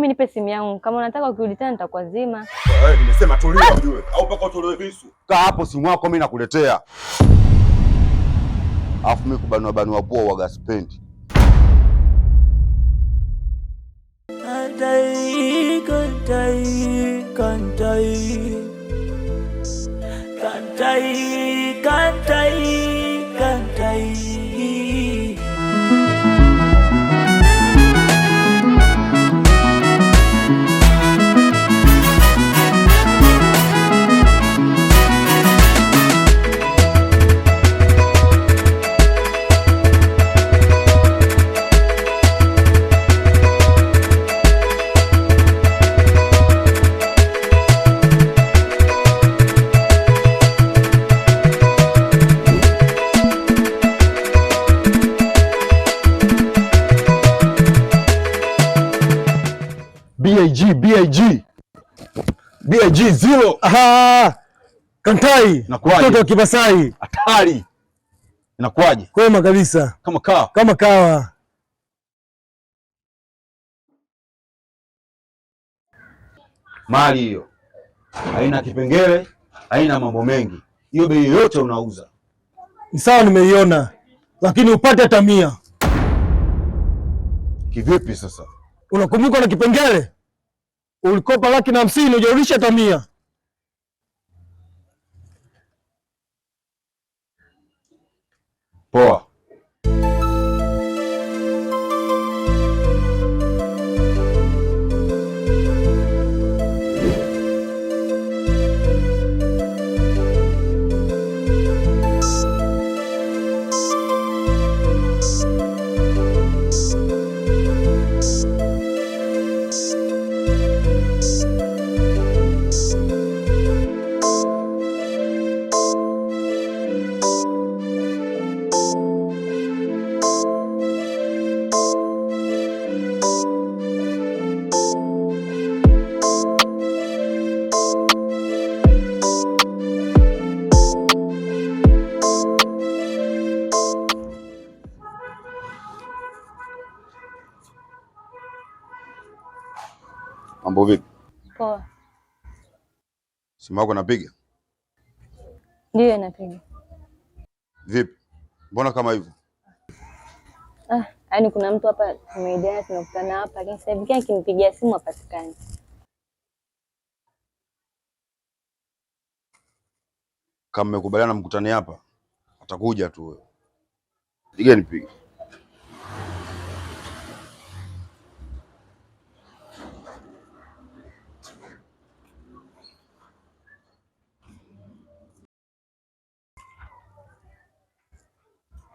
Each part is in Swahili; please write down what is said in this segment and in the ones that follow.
Mimi nipe simu yangu, kama unataka ukirudi tena nitakuazima. Eh, nimesema tulia ujue, au mpaka utolewe visu. Kaa hapo simu yako mimi nakuletea. Alafu mimi kubanua banua pua waga spendi. Kantai, kantai, kantai. Kantai, kantai. BIG BIG zero. Aha. Kantai mtoto wa Kipasai hatari, inakuwaje? Kwema kabisa, kama kawa, kama kawa. Mali hiyo haina kipengele, haina mambo mengi, hiyo bei yote unauza ni sawa, nimeiona, lakini upate hata mia. Kivipi sasa? Unakumbuka na kipengele ulikopa laki na hamsini hujarudisha hata mia. Poa. Mambo vipi? Poa. Simu yako napiga? ndiyo napiga. Vipi? Mbona kama hivyo? Ah, yaani kuna mtu hapa tumeidiana tunakutana hapa lakini sasa hivi akinipigia simu hapatikani. Kama mmekubaliana mkutani hapa, atakuja tu wewe. Piga nipige.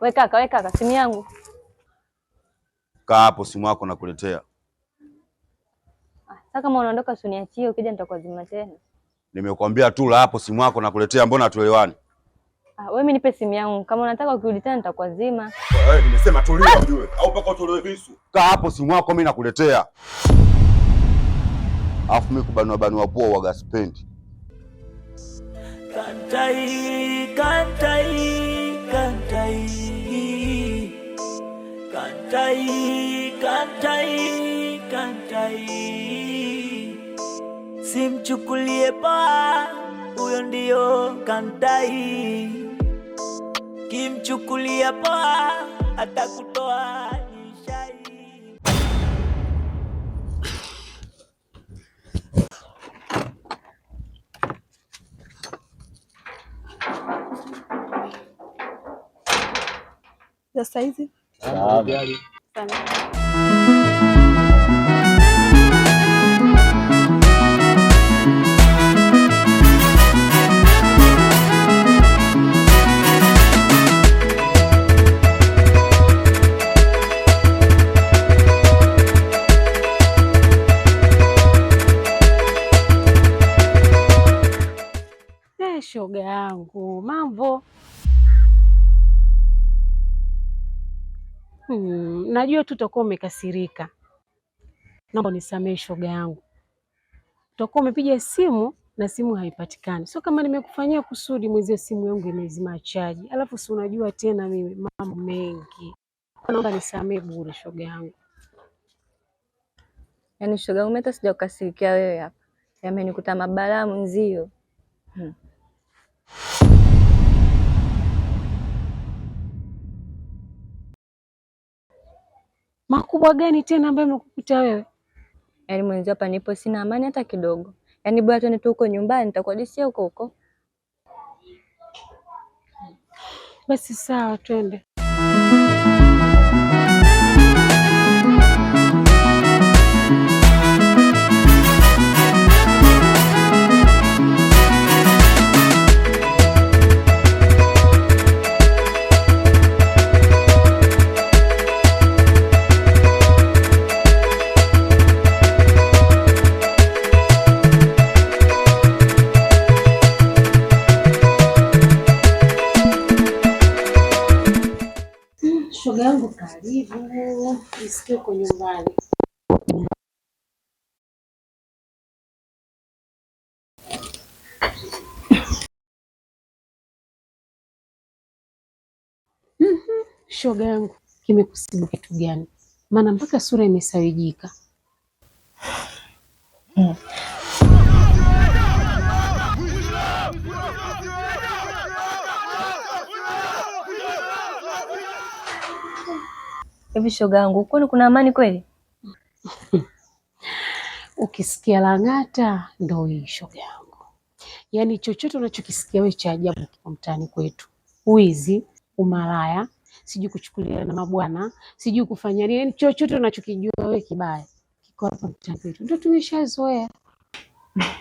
We kaka, we kaka, simu yangu. Kaa hapo, simu yako nakuletea. Ah, Sasa kama unaondoka, usiniachie, ukija nitakuazima tena. Nimekwambia tu la hapo, simu yako nakuletea, mbona tuelewani? Ah, wewe nipe simu yangu. Kama unataka ukirudi tena nitakuazima. Wewe eh, nimesema tulia ujue. Au paka utolewe visu. Kaa hapo simu yako mimi nakuletea. Afu mimi kubanua banua poa waga spendi. Kantai, kantai, kantai. Katai, katai, katai, simchukulie poa huyo, ndiyo kantai, kimchukulia poa atakutoa nishai. Sasa hizi Tchau. Tchau. najua tu utakuwa umekasirika, naomba unisamehe shoga yangu. Utakuwa umepiga simu na simu haipatikani, sio kama nimekufanyia kusudi, mwenzio simu yangu imezima chaji, alafu si unajua tena mimi mambo mengi, naomba nisamehe bure shoga yangu. Yaani shoga yangu, hata sijakukasirikia wewe hapa, yamenikuta mabalaa mwenzio. hmm. makubwa gani tena ambayo amekukuta wewe? Yaani mwenzi, hapa nipo sina amani hata kidogo. Yaani bora twende tu huko nyumbani, nitakuadisia huko huko. Basi sawa, twende. Shoga yangu karibu, isikie uko nyumbani. Mhm, shoga yangu, kimekusibu kitu gani? Maana mpaka sura imesawijika. Hmm. Hivi shoga yangu, kwani kuna amani kweli? Ukisikia Lang'ata ndo hii shoga yangu, yaani chochote unachokisikia wewe cha ajabu kwa mtaani kwetu, wizi, umalaya, sijui kuchukulia na mabwana, sijui kufanya nini, yaani chochote unachokijua wewe kibaya kiko hapa mtaani kwetu, ndo tumeshazoea.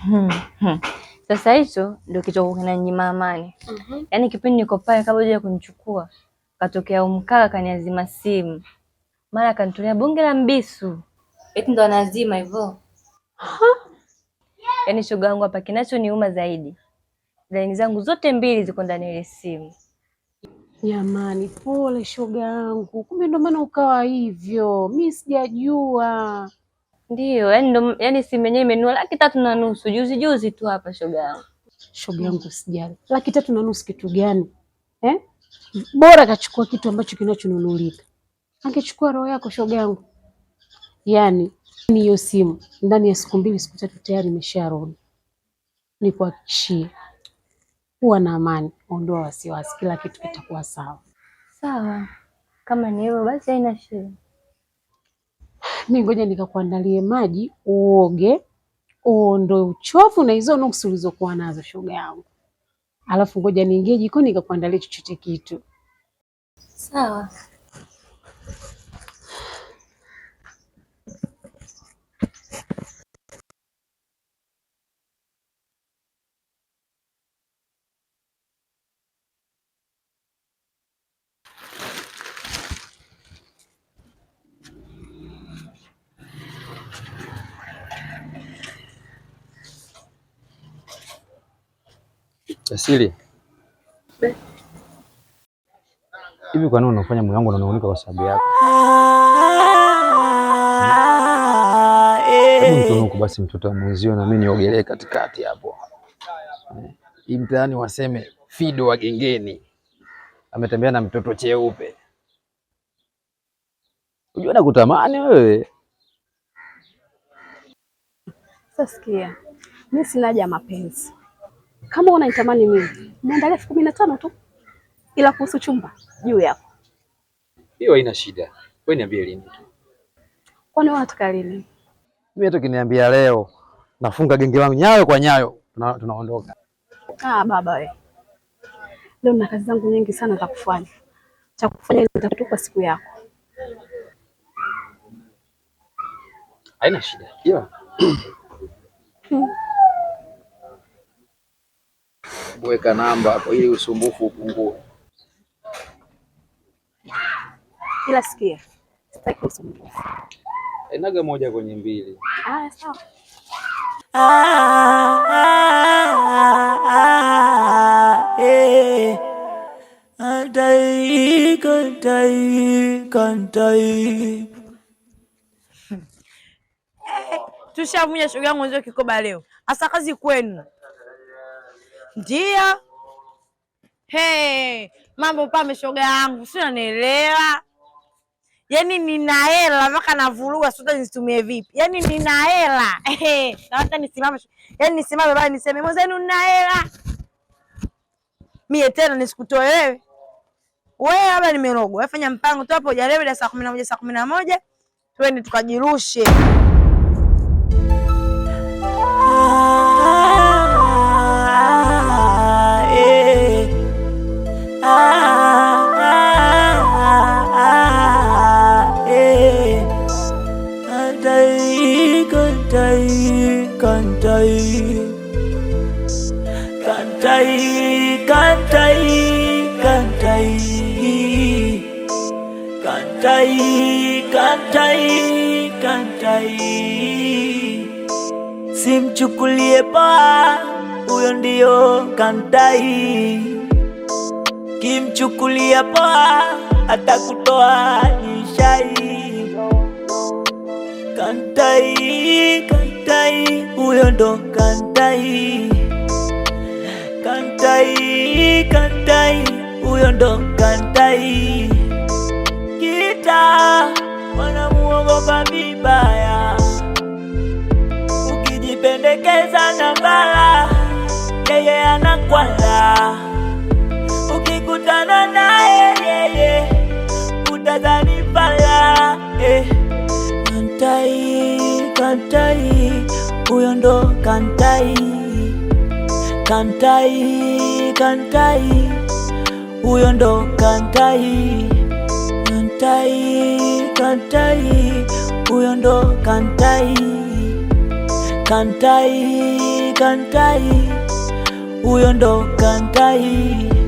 Hmm, hmm. Sasa hicho ndo kicho kinanyima amani. Mhm. Yaani kipindi niko pale, kabla ya kunichukua katokea umkaka kaniazima simu mara akanitolea bonge la mbisu, eti ndo anazima hivyo. Yaani shoga yangu hapa, kinachoniuma zaidi, laini zangu zote mbili ziko ndani ile simu. Jamani, pole shoga yangu, kumbe ndo maana ukawa hivyo. Mi sijajua. ndio yani ndo yani simu yenyewe imenua laki tatu na nusu juzi juzi tu hapa, shoga yangu. Shoga yangu, sijali laki tatu na nusu kitu gani eh? Bora kachukua kitu ambacho kinachonunulika angechukua roho yako shoga yangu. Yani hiyo simu ndani ya siku mbili siku tatu tayari imesharudi. Nikuhakikishie, kuwa na amani, ondoa wasiwasi, kila kitu kitakuwa sawa sawa. Kama ni hivyo basi, haina shida. Mi ngoja nikakuandalie maji uoge, uondoe uchovu na hizo nuksi ulizokuwa nazo shoga yangu, alafu ngoja niingie jikoni nikakuandalie chochote kitu sawa. asili eh. hivi kwa nini unafanya moyo wangu unaunika kwa sababu yako? Mtunuku eh. basi mtoto wa mwenzio, na mimi niogelee katikati hapo, eh, hii mtaani waseme Fido wa gengeni ametembea na mtoto cheupe. Unajua nakutamani wewe. Sasikia. mimi sina haja mapenzi kama unanitamani mimi, niandalia elfu kumi na tano tu, ila kuhusu chumba juu yako. Hiyo haina shida, wewe niambie lini tu. Kwani unataka lini? Mimi hata kiniambia leo nafunga genge langu nyayo kwa nyayo, tunaondoka. Ah, baba we. leo na kazi zangu nyingi sana za kufanya, cha kufanya kwa siku yako. Haina shida, ila kuweka namba hapo ili usumbufu upungue. Ila sikia, sitaki usumbufu. Inaga moja kwenye mbili. Ah, sawa. Tushavunya shughuli yangu, nzio kikoba leo. Asa kazi kwenu. Ndio. Hey, mambo pame shoga yangu, si unanielewa? Yaani nina hela mpaka navurua, sasa nizitumie vipi? Yaani nina hela. Hey, nataka nisimame. Yaani nisimame bali niseme mwenzenu nina hela. Mie tena nisikutoelewe. wewe. Wewe labda nimerogwa. Wafanya mpango tu hapo, ujalewe saa kumi na moja saa kumi na moja twende tukajirushe. kantai kantai kantai kantai, simchukulie pa huyo ndio kantai, kimchukulia pa atakutoa nishai. Kantai kantai, huyo ndo kantai kantai kantai huyo ndo kantai kita wanamuogopa vibaya, ukijipendekeza na bala yeye anakwala, ukikutana naye yeye utadhani bala eh. Kantai, kantai huyo ndo kantai, kantai, kantai huyo ndo kantai kantai kantai, huyo ndo kantai kantai kantai, huyo ndo kantai